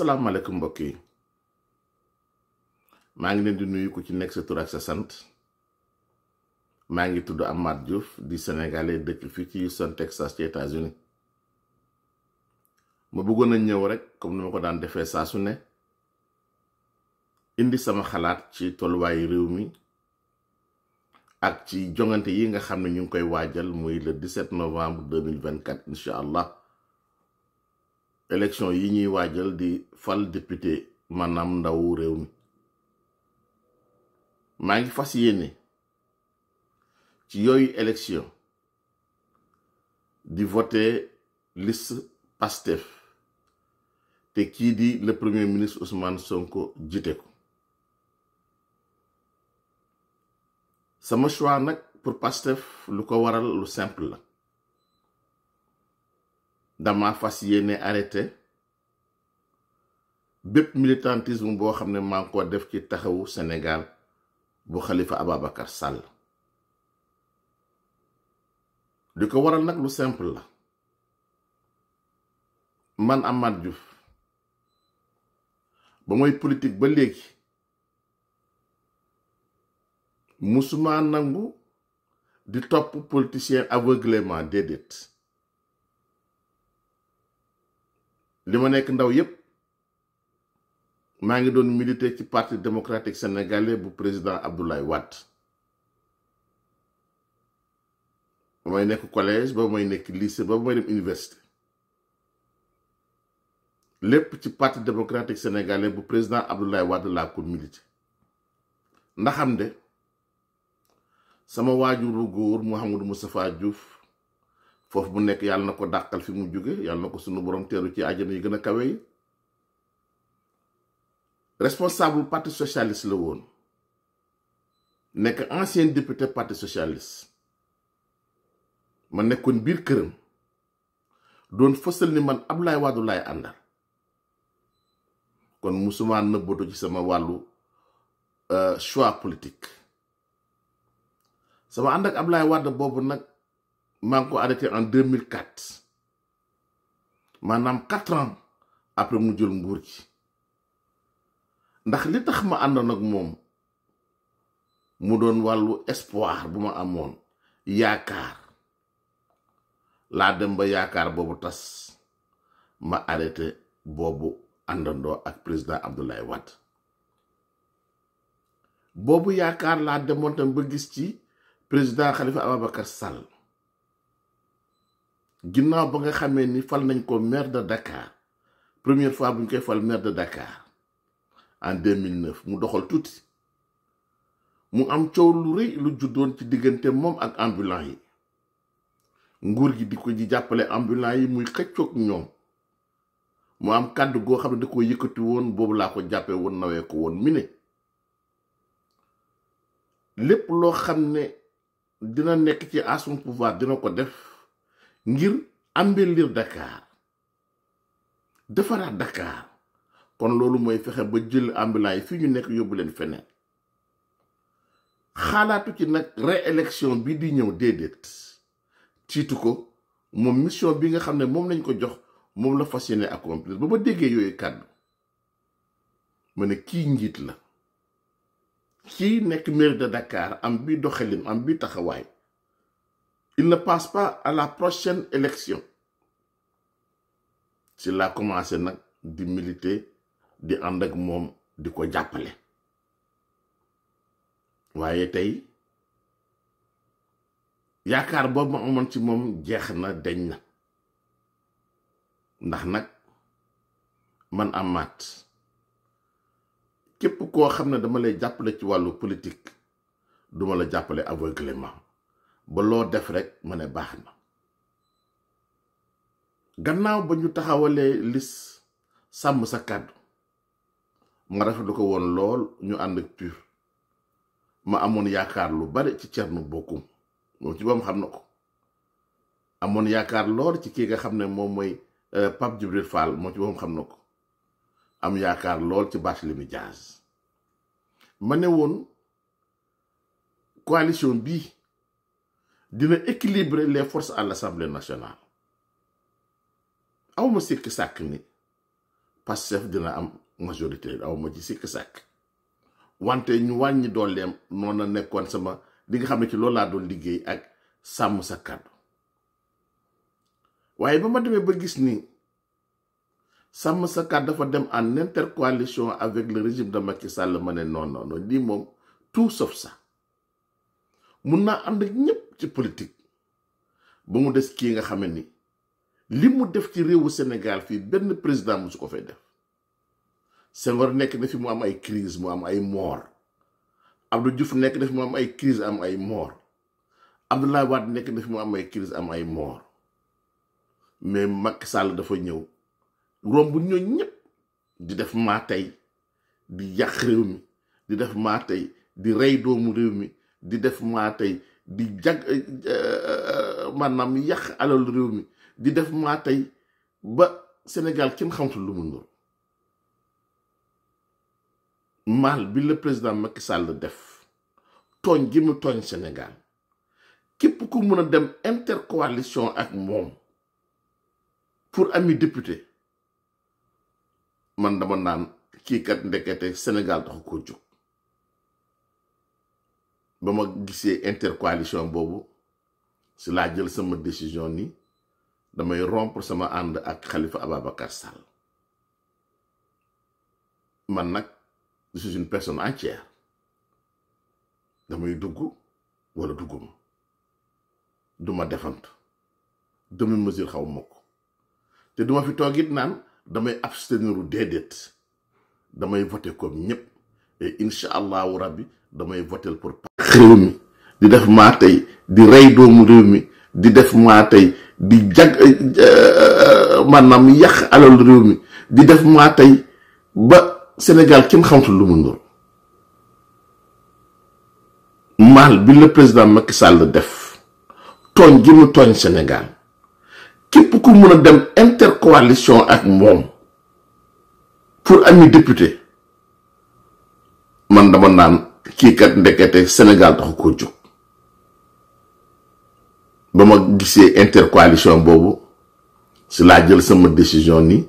asalaamaaleykum mbokk yi maa ngi leen di nuyuku ci nekk sa tur ak sa sant maa ngi tudd am Amath Diouf di sénégalais dëkk fii ci Houston Texas ci États-Unis ma bëggoon a ñëw rek comme ni ma ko daan defee saa su ne indi sama xalaat ci tolluwaayu réew mi ak ci jongante yi nga xam ne ñu ngi koy waajal muy le 17 novembre 2024 incha allah. élection yi ñuy waajal di fal député maanaam ndawu réew mi maa ngi fas yéene ci yooyu élection di voter liste Pastef te kii di le premier ministre Ousmane Sonko jiite ko sama choix nag pour Pastef lu ko waral lu simple la dama fas yéene arrêté bépp militantisme boo xam ne maa ngi ko def ci taxawu Sénégal bu Khalifa Ababacar Sall li ko waral nag lu simple la man Amath juf ba mooy politique ba léegi musumaa nangu di topp politicien aveuglément déedéet li ma nekk ndaw yépp maa ngi doon militer ci parti démocratique sénégalais bu président Abdoulaye Wade ba may nekk collège ba may nekk lycée ba may dem université lépp ci parti démocratique sénégalais bu président Abdoulaye Wade laa ko militer ndaxam de sama waajuru góor Mouhamadou Moustapha Diouf foofu bu nekk yàlla na ko dàqal fi mu jóge yàlla na ko sunu borom teeru ci àjjana yi gën a kawe yi responsable parti socialiste la woon nekk ancien député parti socialiste ma nekkoon biir këram doon fësal ni man Abdoulaye Wade laay àndal kon musuma nëbbatu ci sama wàllu euh, choix politique sama ànd ak Abdoulaye Wade boobu nag maa ko arrêté en 2004 maanaam quatre ans après mu jël nguur gi ndax li tax ma àndoon ak moom mu doon wàllu espoir bu ma amoon yaakaar laa dem ba yaakaar boobu tas ma arrêté boobu àndandoo ak président Abdoulaye Wade boobu yaakaar laa demoon tam ba gis ci président xalifa Ababacar Sall ginnaaw ba nga xamee ni fal nañ ko maire de Dakar première fois buñ ñu koy fal maire de Dakar en mu doxal tuuti mu am coow lu rëy lu juddoon ci diggante moom ak ambulants yi nguur gi di ko ji jàppale ambulants yi muy xëccoog ñoom mu am kàddu goo xam ne da ko yëkkati woon boobu laa ko jàppee woon nawee ko woon mi ne lépp loo xam ne dina nekk ci à son pouvoir dina ko def ngir embellir Dakar defaraat Dakar kon loolu mooy fexe ba jël ambulants fi ñu nekk yóbbu leen feneen xalaatu ci nag réélection bi di ñëw déedéet tiitu ko moom mission bi nga xam ne moom lañ ko jox moom la fas yéene accomplir ba ma déggee yooyu kàddu ma ne kii njiit la kii nekk maire de Dakar am bi doxalin am bi taxawaay il ne passe pas la prochaine élection ci laa commencé nag di militer di ànd ak moom di ko jàppale waaye tey yaakaar boobu ma amoon ci moom jeex na deñ na ndax nag man amaat képp koo xam ne dama lay jàppale ci wàllu politique duma la jàppale aveuglément ba loo def rek ma ne baax na gannaaw ba ñu taxawalee lis sàmm sa kàddu ma rafetlu ko woon lool ñu ànd ak pur ma amoon yaakaar lu bare ci Thierno Bocoum moom ci boom xam na ko amoon yaakaar lool ci kii nga xam ne moom mooy euh, Pape Djibril Fall moom ci boom xam na ko am yaakaar lool ci Barthélémy Dias ma ne woon coalition bii dina équilibrer les forces à l'Assemblée nationale awma sikk sàkk ni Pastef dina am majorité awma ci sikk sàkk wante ñu wàññi dooleem noonu nekkoon sama li xam ne ci loolu laa doon liggéey ak sàmm sa kàddu waaye ba ma demee ba gis ni sàmm sa kàddu dafa dem en intercoalition avec le régime de Macky Sall ma ne non non lii moom tout sauf ça mun naa am ak ñépp ci politique ba mu des kii nga xamee ni li mu def ci réewu Sénégal fii benn président mu su ko fay def Senghor nekk na fi mu am ay crise mu am ay moor Abdou Diouf nekk na fi mu am ay crise am ay moor Abdoulaye Wade nekk na mu am ay crise am ay moor mais Macky sàll dafa ñëw romb ñoo ñépp di def maa tey di yàq réew mi di def maa tey di rey doomu réew mi di def maa tey di jag eh, eh, maanaam yàq alal réew mi di def maa tey ba Sénégal kenn xamatul lu mu ndur mal bi la président Macky Sall def tooñ gi mu tooñ Sénégal képp ku mun a dem intercoalition ak moom pour ami député man dama naan kii kat ndekete Sénégal taxu ko jóg ba ma gisee intercoalition boobu si laa jël sama décision ni damay rompre sama ànd ak Khalifa Ababacar Sall man nag je suis une personne entière damay dugg wala dugguma duma defant demi mesure xaw ma ko te duma fi toog it naan damay absteniru déedéet damay voter comme ñëpp et incha allahu rabbi damay voter pour réew mi di def maa tey di rey doomu réew mi di def maa tey di jag eh, eh, maanaam yàq alal réew mi di def maa tey ba Sénégal kenn xamatul lu mu ndur mal bi la président Macky sàll def tooñ gi mu tooñ Sénégal képp ku mun a dem intercoalition ak moom pour ami député man dama naan kii kat ndekete Sénégal taxu ko jóg ba ma gisee intercoalition boobu ci laa jël sama décision ni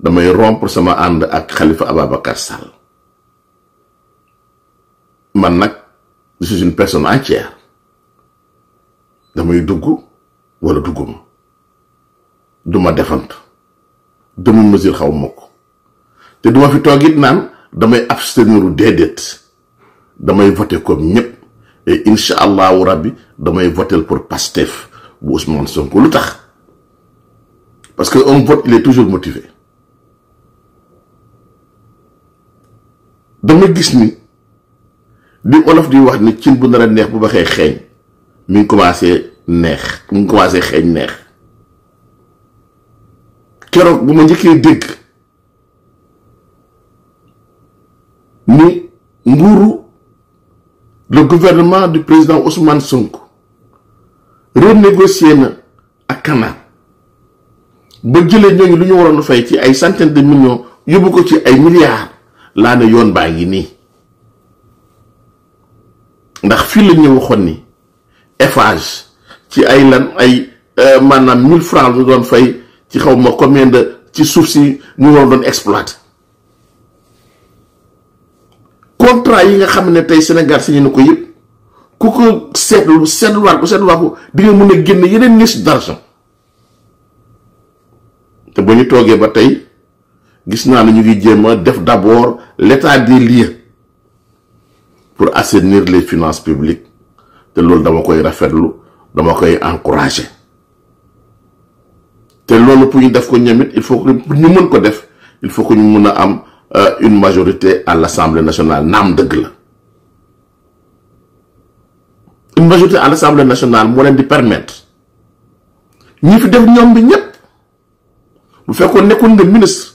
damay rompre sama ànd ak Khalifa Ababacar Sall man nag je suis une personne entière damay dugg wala dugguma duma defant duma mesure xaw ma ko te duma fi toog it naan damay abstenir déedéet damay voté comme ñëpp et incha allahu rabbi damay voté pour Pastef bu Ousmane Sonko lu tax parce que un vote il est toujours motivé dama gis ni li olof di wax ni cin bu nar neex bu baxee xeeñ mi ngi commencé neex mi ngi xeeñ neex keroog bu ma njëkkee dégg ni nguuru le gouvernement du président Ousmane Sonko renégocier na ak Canal ba jëlee ñooñu lu ñu waroon fay ci ay centaines de millions yóbbu ko ci ay milliards laa ne yoon baa ngi nii ndax fii la ñu waxoon ni Eiffage ci ay lan ay euh, maanaam mille francs lu doon fay ci xaw ma combien ci suuf si mu waroon doon exploiter. contrat yi nga xam ne tey Sénégal si ñu na ko yëpp ku ko seetlu seetluwaat ko seetluwaat ko di nga mun a génn yeneen niche d'argent te ba ñu toogee ba tey gis naa ne ñu ngi jéem a def d'abord l'état des lieux pour assainir les finances publiques te loolu dama koy rafetlu dama koy encourager te loolu pour ñu def ko ñamit il faut que ñu mën ko def il faut que ñu mën a am Euh, une majorité à l'Assemblée nationale naam dëgg la une majorité à l'Assemblée nationale moo leen di permettre ñi fi def ñoom bi ñëpp bu fekkoon nekkoon nga ministre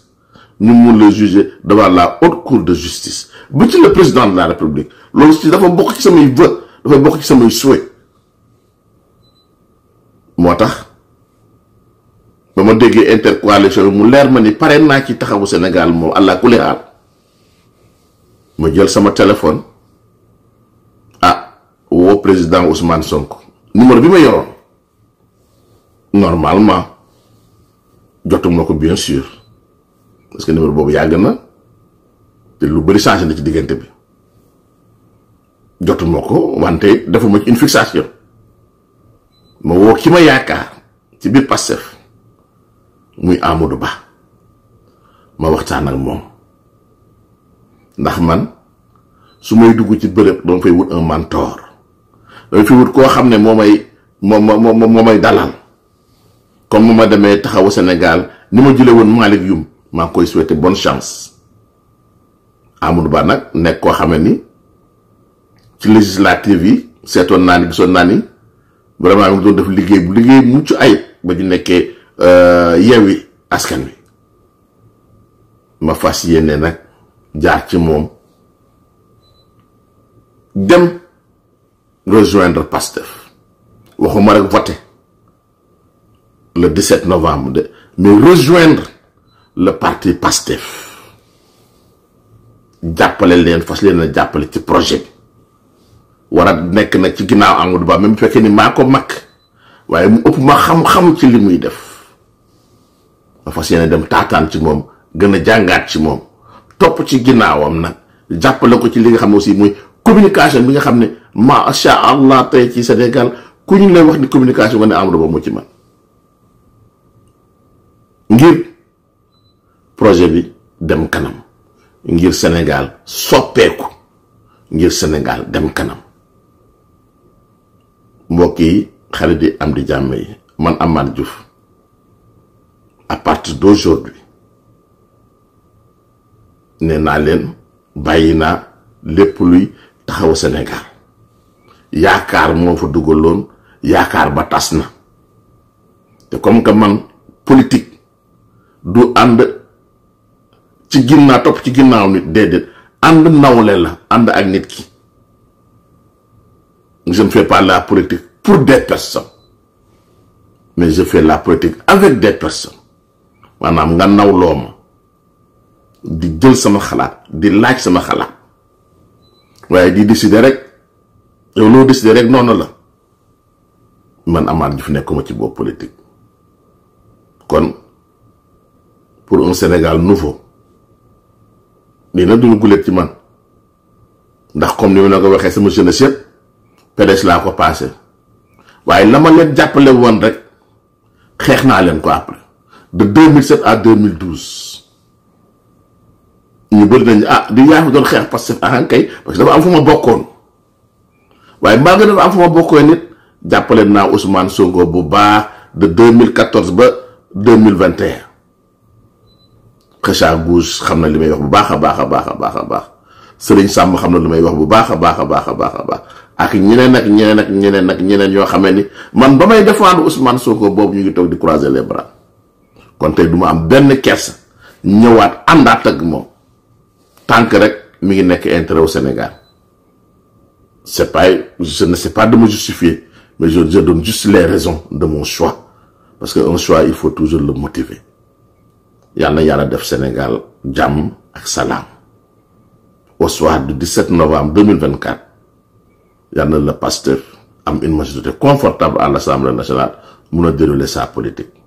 ñu mun la juger devant la haute cour de justice ba ci le président de la république loolu si dafa bokk ci samay vœu dafa bokk ci samay souhait moo tax. ba ma déggee intercoalition mu leer ma ni pare naa ci taxawu senegal moom allah kulli xaal ma jël sama téléphone ah woo président Ousmane Sonko numéro bi ma yoroon normalement jotuma ko bien sûr parce que boobu yàgg na te lu bëri changé na ci diggante bi jotuma ko wante defuma ci une fixation ma woo ki ma yaakaar ci biir Pastef muy Amadou Ba ma waxtaan ak moom ndax man su may dugg ci bërëb dama fay wut un mentor dama fay wut koo xam ne moo may moo moo moo may dalal comme nu ma demee taxawu senegal ni ma jëlee woon Malick Youm maa ngi koy souhaiter bon chance Amadou Ba nag nekk koo xam ni ci législative yi seetoon naa ni gisoon naa ni vraiment doon def liggéey bu liggéey mucc ayib ba ñu nekkee. Euh, Yewwi Askan Wi ma fas yéene nag jaar ci moom dem rejoindre Pastef waxuma rek voter le 17 novembre de mais rejoindre le parti Pastef jàppale leen fas leen a jàppale ci projet bi war a nekk nag ci ginnaaw Amadou Ba même fekkee ni maa ko mag waaye mu ëpp ma xam-xam ci li muy def ma fas yéene dem taataan ci moom gën a jàngaat ci moom topp ci ginnaawam nag jàppale ko ci li nga xam ne aussi muy communication bi nga xam ne macha allah tey ci Sénégal ku ñu lay wax ni communication nga ne Amadou Ba moo ci man ngir projet bi dem kanam ngir Sénégal soppeeku ngir Sénégal dem kanam mbokk yi xarit yi am di jàmm yi man Amath Diouf à partir d'aujourd'hui ne naa leen bàyyi naa lépp luy taxaw Sénégal yaakaar moo fa dugaloon yaakaar ba tas na te comme que man politique du ànd ci ginnaaw topp ci ginnaaw nit déedéet ànd nawle la ànd ak nit ki je ne fais pas la pour des personnes mais je fais la politique avec des personnes maanaam nga nawloo ma di jël sama xalaat di laaj sama xalaat waaye di décider rek yow loo décider rek noonu la man amaat Amath Diouf nekkuma ci boobu politique kon pour un Sénégal nouveau lii nag duma guléet ci man ndax comme ni ma la ko waxee sama jeunesse yëpp PDS laa ko passé waaye la ma leen jàppale woon rek xeex naa leen ko après de 2007 à 2012 ñu bëri nañ ah di yaa fi doon xeex parce que ah kay parce que dafa am fu ma bokkoon waaye malgré dafa am fu ma bokkoon nit jàppale naa Ousmane Sonko bu baax de 2014 ba 2021 Kheucha Gouche xam na li may wax bu a baax a baax baax a baax Sëriñ Sàmb xam na li may wax bu baax a baax a baax a baax a baax ak ñeneen ak ñeneen ak ñeneen ak ñeneen ñoo xamee ni man ba may défendre Ousmane Sonko boobu ñu ngi toog di croiser les bras. kon tey du ma am benn kersa ñëwaat àndaat ak moom tànk rek mi ngi nekk intérêt au Sénégal c'est pas je ne sais pas de me justifier mais je je donne juste les raisons de mon choix parce que un choix il faut toujours le motiver yàlla na yàlla def Sénégal jàmm ak salaam au soir du 17 novembre 2024 yàlla na le am une majorité confortable à l'Assemblée nationale mun a dérouler sa politique